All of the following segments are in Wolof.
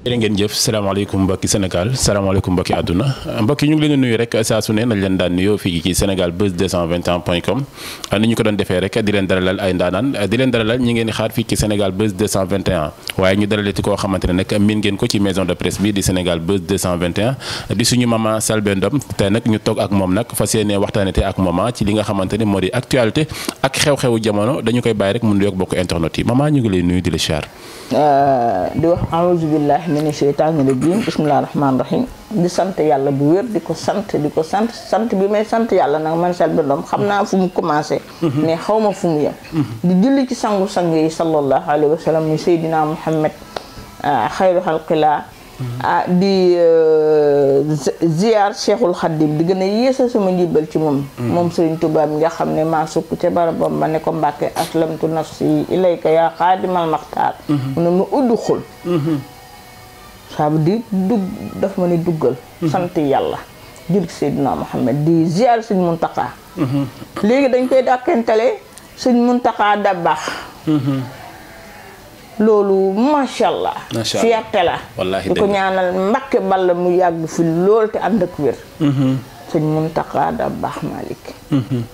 jërë ngeen jëf salaamaaleykum mbokki Sénégal salaamaaleykum mbokki àdduna mbokki ñu ngi leen di nuyu rek saa su ne nañ leen daan nuyoo fii ci Sénégal Buzz 221 point com ni ñu ko doon defee rek di leen dalalal ay ndaanaan di leen di Sénégal Buzz waaye ñu dalalati koo xamante ne nag miin ngeen ko ci maison de presse bi di Sénégal Buzz 221 ñu toog ak moom nag fas yéene waxtaanee te ak ci li nga xamante ne di actualité ak xew-xewu ñu ngi lay nuyu mine seytaani rajim bisimilah rahmaani rahim di sant yàlla bu wér di ko sant di ko sant sant bi may sant yàlla nag man Selbé Ndom xam naa fu mu commencé mhm. mais xaw ma fu mu yem mhm. di julli ci sangu-sang yi sallallahu alayhi wa sallam mu Seydina Muhammad ah, xayru xalqilaa mhm. ah di euh, ziar cheikhul xaddim di gën a yéesa sama njibbal ci moom moom sëriñ Tuubaa mi nga xam ne maa sukk ca barabam ba ne ko mbàkke aslamtu nafsi ilayka yaa xaadimal maxtaar ne ma udd xul ça veut dug dafa daf ma ni duggal mhm. sant yàlla jul ci Seydina Muhammad di ziar sëñ Muntaxa mhm. léegi dañ koy dàkkentale sëñ Muntaxa Dabaax mhm. loolu macha allah fierté la di ko ñaanal Mbàkke Balla mu yàgg fi lool te ànd ak wér sëñ Muntaxa Dabaax Malick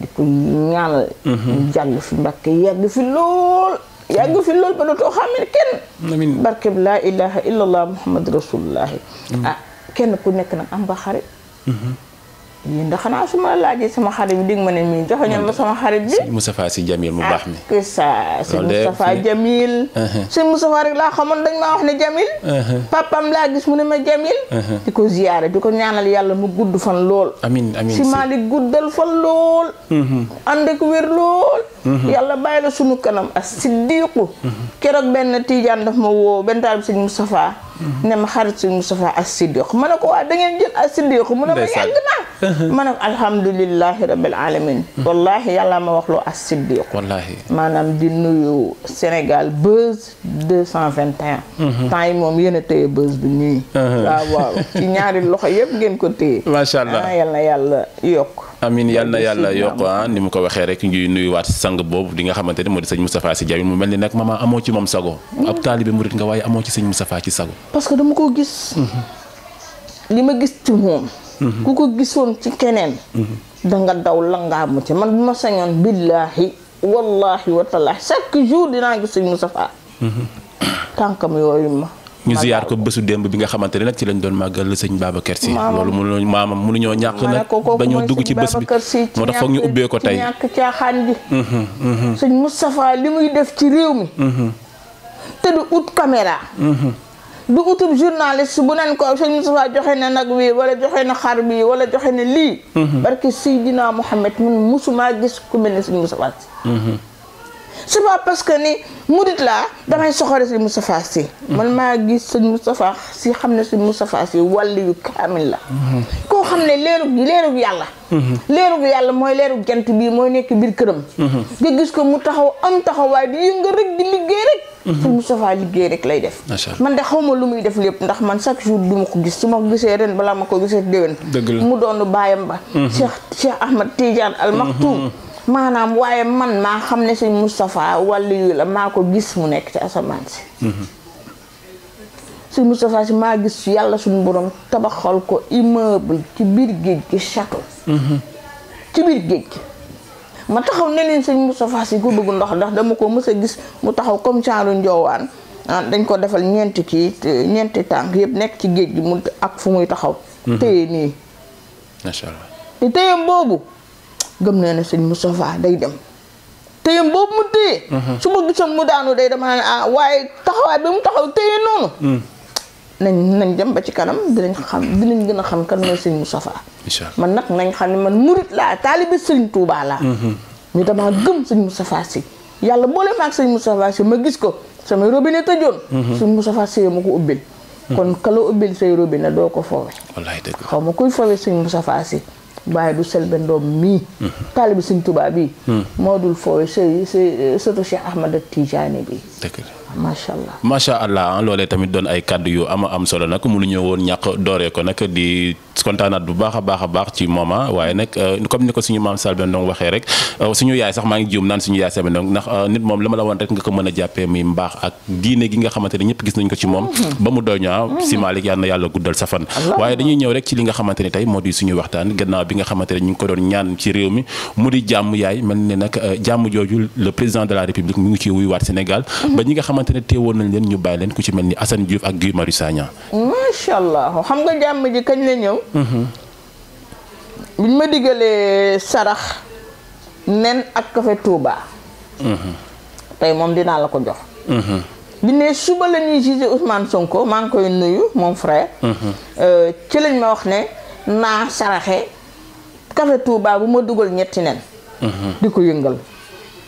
di ko ñaanal mu jàgg fi Mbàkke yàgg fi lool yaa yàgg fi loolu ba dootoo xàmmee kenn. amiin barke bi laa ilaha illallah muhammad rasulullah ah kenn ku nekk nag am nga xarit. Mhm. yéen da xanaa su ma laajee sama xarit bi dégg ma ne mii joxoñal ma sama xarit bi sëñ Moustapha Sy Jamil mu baax mi ak ah, sa uh-huh. sëñ Moustapha Jamil rek laa xamoon dañ maa wax ne Jamil uh-huh. papam laa gis mu ne ma Jamil uh-huh. di ko ziyaare di ko ñaanal yàlla mu gudd fan lool amiin amiin si Malick guddal fan lool ànd ak wér lool yàlla bàyyi la sunu kanam as siddiqu keroog benn Tiijaan daf ma woo benn taal bi sëñ Moustapha ne ma xarit suñ Moustapha as siddiq ma ne ko waa da ngeen jël as siddiq mu ne ma yàgg naa ma ne ko alhamdulilahi rabil alamin wallahi yàlla ma wax loo ak siddiq maanaam di nuyu Sénégal buzz deux cent vingt et un mhm. yi moom yéen a téye buzz bi nii waaw waaw ci ñaari loxo yëpp ngeen ko téye macha allah ah, yàlla yàlla yokk amin yal na yàlla yokk ah ni mu ko waxee rek ngi nuyuwaat sang boobu di nga xamante ne moo di sëñ Moustapha Sy Djamil mu mel ni nag maman amoo ci moom sago mm-hmm. ab taalibe murit nga waaye amoo ci sëñ Moustapha ci sago parce dama ko gis mm-hmm. li ma gis ci moom mm-hmm. ku ko gisoon ci keneen danga daw langaamu ci man bu ma sañoon billaahi wallaahi wa taalaahi jour dinaa gis sëñ Moustapha tànkam yooyu ma ñu ziyaar ko bésu démb bi nga xamante ne nag ci lañ doon màggal sëñ Babacar Sy loolu mënuñoo maamam mënuñoo ñàkk nag ba dugg ci bés bi moo tax foog ñu ubbee ko tey ñàkk caaxaan bi mm-hmm, mm-hmm. sëñ Moustapha li muy def ci réew mi mm-hmm. te du ut caméra du utub journaliste bu nen ko sëñ Moustapha joxe na nag wi wala joxe na xar bi wala joxe na lii barke Seydina Mouhamed mun musumaa gis ku mel ne sëñ Moustapha Sy c'est pas parce que ni murit laa damay soxore si Moustapha si man maa gis sëñ Moustapha si xam ne sëñ Moustapha Sy wàll yu kaamil la koo xam ne leerug leerug yàlla leerug yàlla mooy leerug jant bii mooy nekk biir këram nga gis ko mu taxaw am taxawaay di yëngal rek di liggéey rek sëñ Moustapha liggéey rek lay def man de xaw ma lu muy def lépp ndax man chaque jour du ma ko gis su ma gisee ren balaa ma ko gisee déwén mu doonu baayam ba Cheikh Cheikh Ahmad Tidiane alma Maktoum maanaam waaye man maa xam ne sëñ Moustapha wàllu yu la maa ko gis mu nekk ci asamaan si mm-hmm. sëñ Moustapha si maa gis yàlla suñu borom tabaxal ko immeuble ci biir géej gi château mm-hmm. ci biir géej gi ma taxaw ne leen sëñ Moustapha si ku bëggu ndox ndax dama ko mës a gis mu taxaw comme genre njoowaan ah, dañ ko defal ñeenti ci ñeenti tànk yëpp nekk ci géej gi mu ak fu muy taxaw mm-hmm. téye nii te téyam boobu gëm naa ne sëñ Moustapha day dem téyam boobu mu téye mhm. su ma gisoon mu daanu day dem ne ah waaye taxawaay bi mu taxaw téye noonu mm. nañ nañ dem ba ci kanam dinañ xam dinañ gën a xam kan mooy sëñ Moustapha man nag nañ xam ne man murit laa taalibe sëñ Touba laa ñu mhm. damaa gëm sëñ Moustapha si yàlla boole ma ak sëñ Moustapha si ma gis ko samay robinet tëjoon mhm. sëñ Moustapha si ma ko ubbil kon kalo ubbil say robine doo ko foowe wallaay dëgg xaw ma kuy foowe sëñ Moustapha si waaye du Selbé Ndom mii mhm. taalibi Sëñ Tuubaa bi mhm. moo dul fooy sëy sëtu Cheikh Ahmad Tijaani bi macha allah macha allah ah, loolee tamit doon ay kàddu yu am am solo nag mu ñëw woon ñaq dooree ko nag di kontaanaat bu baax a baax a baax ci moment waaye nag euh, comme ni ko suñu maam Selbé Ndom waxee rek euh, suñu yaay sax maa ngi juum naan suñu yaay Selbé Ndom ndax euh, nit moom la ma la woon rek nga ko mën a jàppee muy mbaax ak diine gi nga xamante ne ñëpp gis nañ ko ci moom mhm. ba mu doy ñaa mhm. si Malick yal na yàlla guddal sa waaye dañuy ñëw rek ci li nga xamante ne tey moo di suñu waxtaan gannaaw bi nga xamante ne ñu ngi ko doon ñaan ci réew mi mu jàmm yaay mel ne jàmm jooju le président de la république mu ngi waat Sénégal mhm. ba ñi xamante woon teewoon nañ leen ñu bàyyi leen ku ci mel ni Assane Diouf ak Guy Marius Sagna. macha allah xam nga jàmm ji kañ la ñëw. Mhm. biñ ma diggalee sarax nen ak kafe Touba. Mhm. tey moom dinaa la ko jox. Mhm. bi ne suba la ñuy jugé Ousmane maa ngi koy nuyu mon frère. Euh, ci lañ ma wax ne naa saraxe kafe Touba bu ma dugal ñetti nen. di ko yëngal.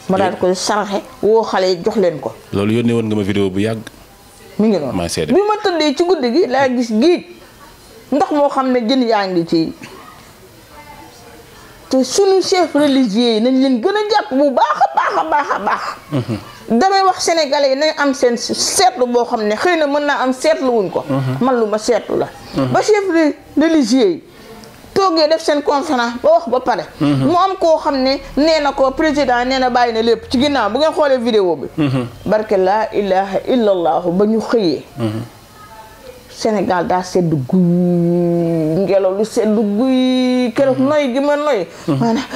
ma daal koy saraxe woo xale yi jox leen ko. loolu yónnee woon nga ma vidéo bu yàgg. mu ngi noonu maa seede bi ma tëddee ci guddi gi laa gis géej ndox moo xam ne jën yaa ngi ci te sunu chef religieux yi nañ leen gën a jàpp bu baax a baax a baax a baax. damay wax sénégalais yi nañ am seen seetlu boo xam ne xëy na mën naa am seetlu wuñ ko. Mhm. man lu ma seetlu la. Mhm. ba chef religieux yi. toogee def seen conférence ba wax ba pare mhm. mu am koo xam ne nee na ko président nee na bàyyi na lépp ci ginnaaw bu ngeen xoolee vidéo bi mhm. barke laa ilaha illallahu ba ñu xëyee mhm. Sénégal daa sedd guy ngelaw lu sedd guy keroog noy gi ma noy maanaam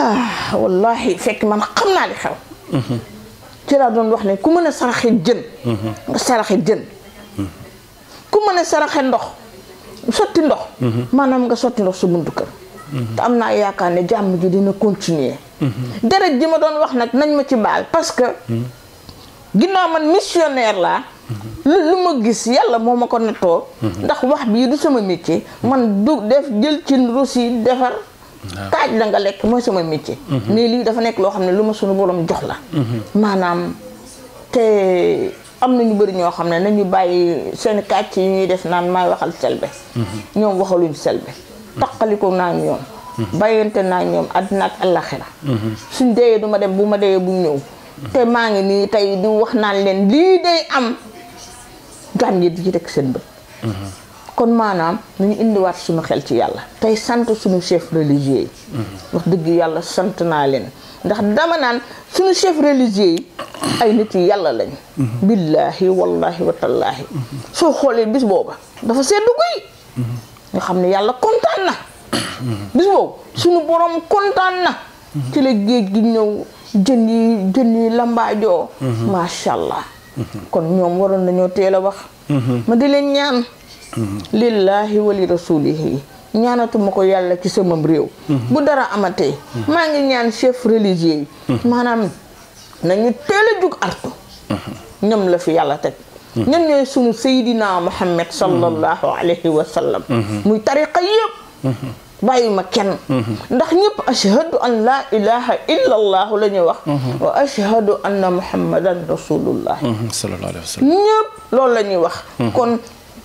ah, wallahi fekk man xam naa li xew ci laa doon wax ne ku mën a saraxe jën nga saraxe jën ku mën a saraxe ndox sotti ndox maanaam nga sotti ndox su buntu kër te am naa yaakaar ne jàmm ji dina continuer deret ji ma doon wax nag nañ ma ci baal parce que ginnaaw man missionnaire laa lu ma gis yàlla moo ma ko nattoo ndax wax bii du sama métier man du def jël ci rosi defar kaaj la nga lekk mooy sama métier mhm. mais lii dafa nekk loo xam ne lu ma sunu borom jox la mhm. maanaam te am na ñu bari ñoo xam ne nañu bàyyi seen kàcc yu ñuy def naan maay waxal selbe ñoom waxaluñ selbe taqaliko naa ñoom bàyyante naa ñoom àddina ak àllaxira suñ deyee du ma dem bu ma deyee bu ñëw te maa ngi nii tey di wax naan leen lii day am gan yi di ci rek seen bët kon maanaam nañu indiwaat suñu xel ci yàlla tey sant suñu chef religieux yi wax dëgg yàlla sant naa leen ndax dama naan suñu chef religieux yi ay nit yi yàlla lañ mhm. billaahi wallaahi watallaahi mhm. soo xoolee bis booba dafa seddu guy mhm. nga xam ne yàlla kontaan na bis boobu suñu borom kontaan na ci la géej gi ñëw jën yi jën yi lambaajoo macha allah kon ñoom waroon nañoo teel a wax ma di leen ñaan lillaahi wali rasulihi ñaanatuma ko yàlla ci sa sama réew. Mhm. bu dara amatee. Mhm. maa ngi ñaan chef religieux yi. Mhm. maanaam na teel a jug artu. ñoom la fi yàlla teg. ñoom ñooy sunu Seydina Muhammad sallallahu alayhi wa sallam. muy tariqa yëpp. bàyyi ma kenn. ndax ñëpp ashhadu an laa ilaha illa allahu la ñuy wax. wa ashhadu anna muhammadan rasulullah. sallallahu alayhi wa sallam ñëpp wax.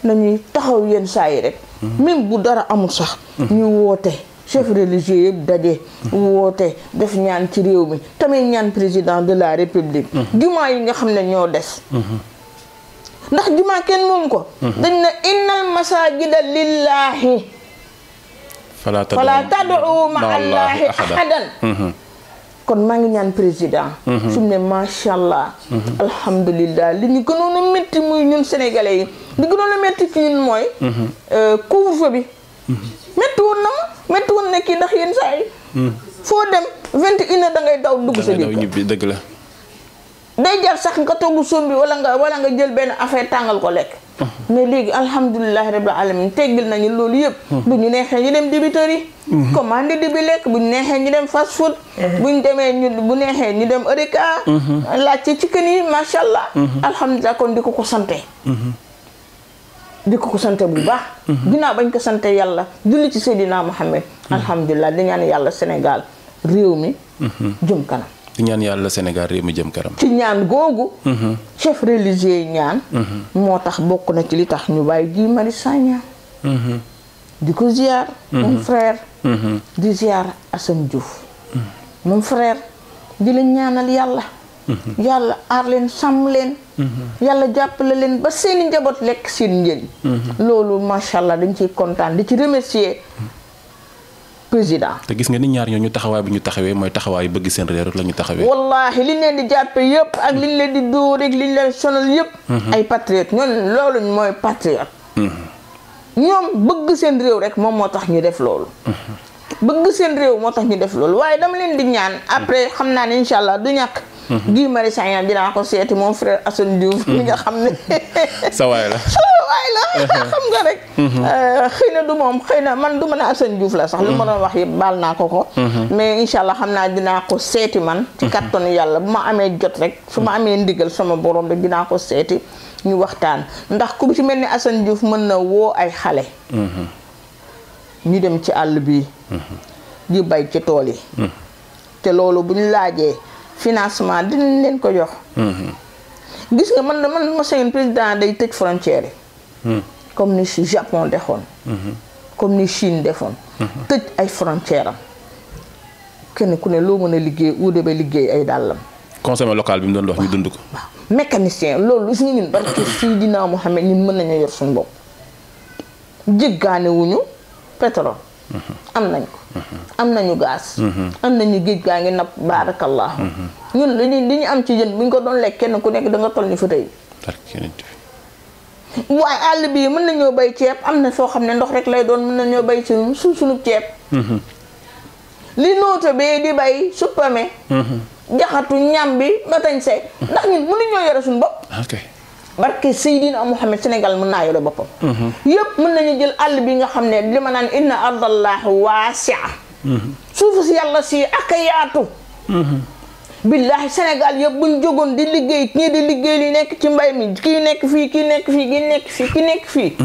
nañuy taxaw yenn saa yi rek. même bu dara amul sax. ñu woote chef religieux yëpp daje. woote def ñaan ci réew mi tamit ñaan président de la république. Mhm. jumaa yi nga xam ne ñoo des. Mhm. ndax jumaa kenn moom ko. Mhm. dañ na innal masajida lillahi. fala tad'u allahi ahadan kon maa ngi ñaan président. Mhm. fi mu ne macha allah. Mhm. alhamdulilah li ñu gënoon a métti muy ñun sénégalais yi li gënoon a métti mooy. Mhm. Euh, couvre-feu bi. métti woon na ma métti woon na kii ndax yenn saa yi. foo dem vingt et une da ngay daw dugg sa biir dëgg la. day jar sax nga togg sombi wala nga wala nga jël benn affaire tàngal ko lekk. mais léegi alhamdulilahi rabil alamin teggil nañu loolu yëpp hmm. bu ñu neexee ñu dem débiterie yi hmm. commandé di bi lekk bu ñu neexee ñu dem fast food eh. bu ñu demee ñu bu neexee ñu dem Erika hmm. laajte ci kën yi macha allah alhamdulilah kon di ko ko sante di ko ko sante bu baax dinaa bañ ko sante yàlla julli ci Seydina Muhammad alhamdulilah di ñaan yàlla senegal réew mi jëm kanam di ñaan yàlla Sénégal réew mi jëm kanam. ci ñaan googu. Mm-hmm. chef religieux yi ñaan. Mm-hmm. moo tax bokk na ci li tax ñu bàyyi Guy Marius Sagna mm-hmm. di ko ziar. mon di ziar Assane Diouf. mon frère di leen ñaanal yàlla. yàlla aar leen sàmm leen. yàlla jàppale leen ba seeni njaboot lekk seen njëriñ. loolu macha allah dañ ciy kontaan di ci remercier. président. te gis nga ni ñaar ñooñu taxawaay bu ñu taxawee mooy taxawaay bëgg seen réew rek la ñu taxawee. wallaahi liñ leen di jàppe yëpp ak liñ leen di dóor rek liñ leen sonal yëpp. Mhm. ay patriote ñoom loolu mooy patriote. Mhm. ñoom bëgg seen réew rek moom moo tax ñu def loolu. Mhm. bëgg seen réew moo tax ñu def loolu waaye dama leen di ñaan après xam naa ne incha du ñàkk. Mm-hmm. Guy Marius Sagna dinaa ko seeti moom frère Assane Diouf. mi mm-hmm. nga xam ne. sa la sa la. Mm-hmm. xam nga rek. Euh, xëy na du moom xëy na man du ma ne Assane Diouf la sax. lu ma doon wax yëpp baal naa ko ko. mais incha allah xam naa dinaa ko seeti man. ci ton yàlla bu ma amee jot rek su ma amee ndigal sama borom rek dinaa ko seeti ñu waxtaan ndax ku ci mel ni Assane Diouf mën na woo ay xale. ñu dem ci àll bi. di bay ci tool yi. te loolu bu ñu laajee. financement dinañ leen ko jox. Mhm. gis nga man man ma seen président day tëj frontière yi. Mhm. comme ni si Japon dexoon mhm. comme ni Chine defoon. tëj ay frontière kenn ku ne loo mën a liggéey de ba liggéey ay dàllam. conseil local bi mu doon dox ñu dund ko. mécanisien mécanicien loolu gis nga ñun barke Seydina Mouhamed ñun mën nañu yor suñu bopp. jéggaane wuñu am nañ ko am nañu mm-hmm. gaz mm-hmm. am nañu géej gaa ngi napp baarakallahu mm-hmm. ñun li ñu li ñu am ci jën bu ñu ko doon lekk kenn ku nekk da nga toll ni fa tey waaye àll bii mën nañoo bay ceeb am na soo xam ne ndox rek lay doon mën nañoo bay ci suñ suñu ceeb li nooto bee di bay suppame jaxatu ñam bi matañ say ndax ñun mënuñoo yore suñu bopp barke Seydina Muhammad Sénégal mën naa yore boppam. Mhm. yëpp mën nañu jël àll bi nga xam ne li ma naan inna ardallaahi waasi'a. Mhm. suufu si yàlla si ak a yaatu. Mhm. billaahi senegal yëpp buñ jógoon di liggéey ñii di liggéey li nekk ci mbay mi kii nekk fii ki nekk fii kii nekk fii kii nekk fii.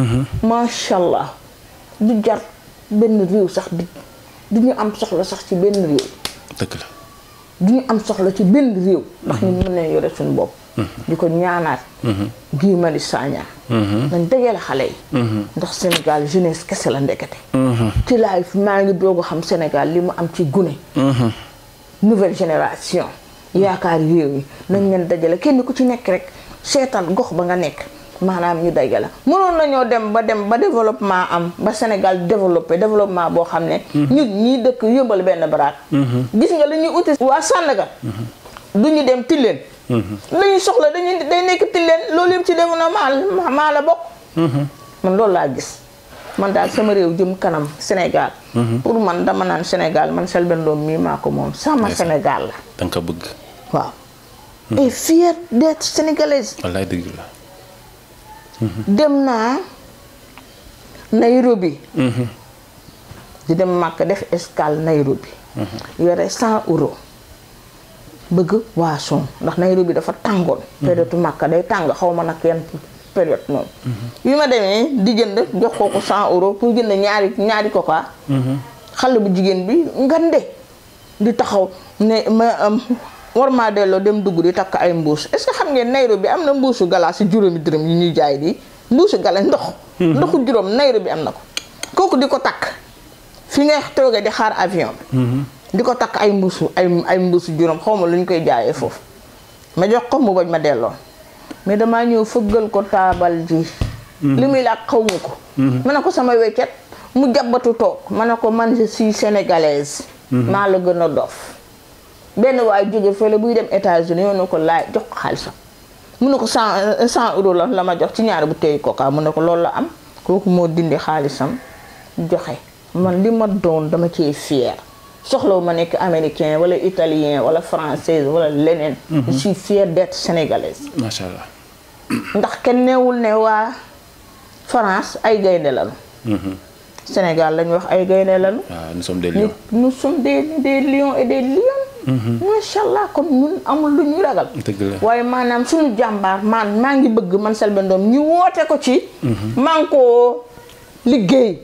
macha allah du jar benn réew sax di du ñu am soxla sax ci benn réew. dëgg la am soxla ci benn réew. ndax ñu mën nañu yore suñu bopp. di ko ñaanaat. Mm-hmm. Guy Marius Sagna. Mm-hmm. nañ dajale xale yi. Mm-hmm. ndax Sénégal jeunesse kese la ndekete. ci laay maa ngi doog a xam Sénégal li mu am ci gune. nouvelle génération. yaakaar réew mi nañ leen dajale kenn ku ci nekk rek seetal gox ba nga nekk. maanaam ñu dajale mënoon nañoo dem ba dem ba développement am ba Sénégal développé développement boo xam ne. ñu ñii dëkk yëmbal benn baraat. gis nga li ñuy waa Sandaga. du ñu dem Tilène. Mm-hmm. la ñuy soxla dañuy day nekk tilleen loolu yëpp ci développement maa mm-hmm. laa gis daal sama réew jëm kanam Sénégal mm-hmm. pour dama naan Sénégal man Selbé Ndom mii maa ko moom sama Sénégal la danga ko dem naa Nairobi di dem màkk def escale Nairobi yore 100 euros bëgg boisson ndax Nairobi dafa tàngoon. Mhm. période màkka day tàng xaw ma nag yan période noonu. Mhm. bi ma demee di jënd jox ko san euro euros pour jënd ñaari ñaari coca. Mhm. xale bu jigéen bi ngande di taxaw ne ma war maa delloo dem dugg di takk ay mbuus est xam ngeen Nairobi am na mbuusu galaas si juróomi dërëm yu ñuy jaay di mbuusu galaas ndox. ndoxu juróom Nairobi am na ko. kooku di ko takk fi nga toogee di xaar avion bi. di ko takk ay mbuusu ay ay mbuusu juróom xaw ma lu ñu koy jaayee foofu ma jox ko mu bañ ma delloo mais damaa ñëw fëggal ko taabal ji mhm. li muy laaj xaw ma ko mhm. ma ne ko sama wéccet mu jàbbatu toog ma ne ko man je suis sénégalaise mhm. la gën a dof benn waay jóge fële buy dem États-Unis na ko laaj jox ko xaalisam ne ko cent euh, cent euros la la ma jox ci ñaari bu téy koka ne ko loolu la am kooku moo dindi xaalisam joxe man li ma doon dama ci fier soxlaw ma nekk américain wala italien wala française wala leneen. Mhm. je suis fière d'être sénégalaise. ndax kenn neewul ne waa France ay gaynde lañu. Mhm. Sénégal lañu wax ay gaynde lañu. waaw ah, nous sommes des lions nous sommes et des lions. Mhm. macha allah kon ñun amul lu ñuy ragal. waaye maanaam suñu jàmbaar man maa ngi bëgg man Selbé Ndom ñu woote ko ci. maa ngi koo liggéey.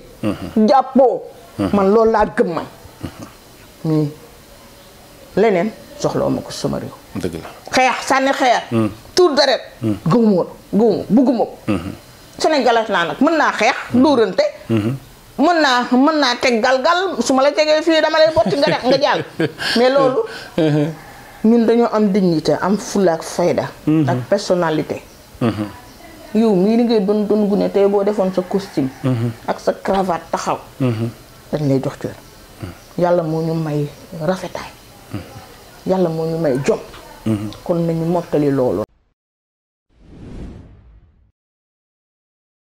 jàppoo. man loolu laa gëm nii leneen soxla ma ko sama réew. dëgg la xeex sànni xeex. Hmm. tuur deret. Hmm. gëmu woon bugguma ko. Hmm. Sénégal naa nag mën naa xeex dóorante. mën naa mën naa teg gal gal su ma la tegee fii dama lay botti nga jàll mais loolu. ñun dañoo am dignité am fulla ak fayda. ak personnalité. yow mii ni ngay doon doon gune tey boo defoon sa costume. ak sa cravate taxaw. dañ lay jox cër. yàlla moo ñu may rafetaay mm-hmm. yàlla moo ñu may jom mm-hmm. kon nañu mottali loolu